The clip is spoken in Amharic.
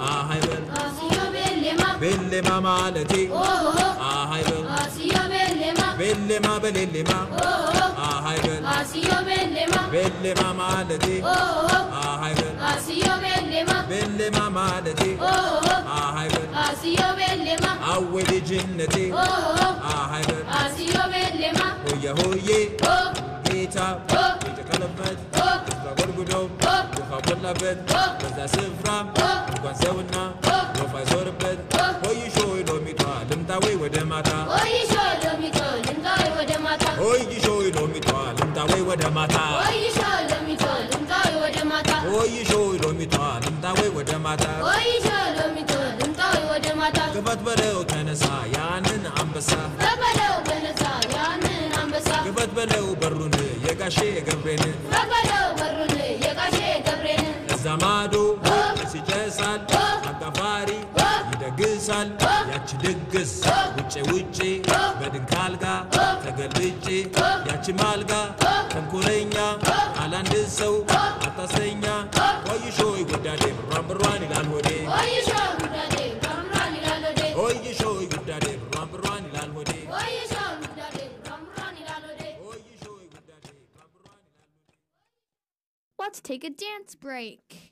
ahayvel asiyo bellema bellema malati ahayvel asiyo bellema bellema bellema ahayvel asiyo bellema bellema malati ahayvel asiyo bellema bellema malati ahayvel asiyo bellema awweli jinnati ahayvel asiyo bellema hoya hoye ጌታ የተቀለበት ጉርጉዶ ሞላበት በዛ ስፍራ እንኳን ሰውና ወፍ አይዞርበት ሆይሾ ሎሚቷ ልምታዌ ወደ ማታ ሆይሾ ሎሚቷ ልምታዌ ወደ ማታ ሆይሾ ሎሚቷ ልምታዌ ወደ ማታ ሆይሾ ሎሚቷ ልምታዌ ወደ ማታ ሆይሾ ሎሚቷ ልምታዌ ወደ ማታ ወደ ማታ ክፈት በለው ተነሳ ያንን አንበሳ በለው በለው በሩን የጋሼ ገብሬን በሩን ዘማዱ ሲጨሳል አጋፋሪ ይደግሳል ያች ድግስ ውጭ ውጭ አልጋ ተገልብጬ ያች ማልጋ ተንኮለኛ አላንድ ሰው አታሰኛ ቆይሾይ ጉዳዴ ብሯን ብሯን ይላል ሆዴ ቆይሾይ ጉዳዴ ብሯን ብሯን ይላል ሆዴ Let's take a dance break.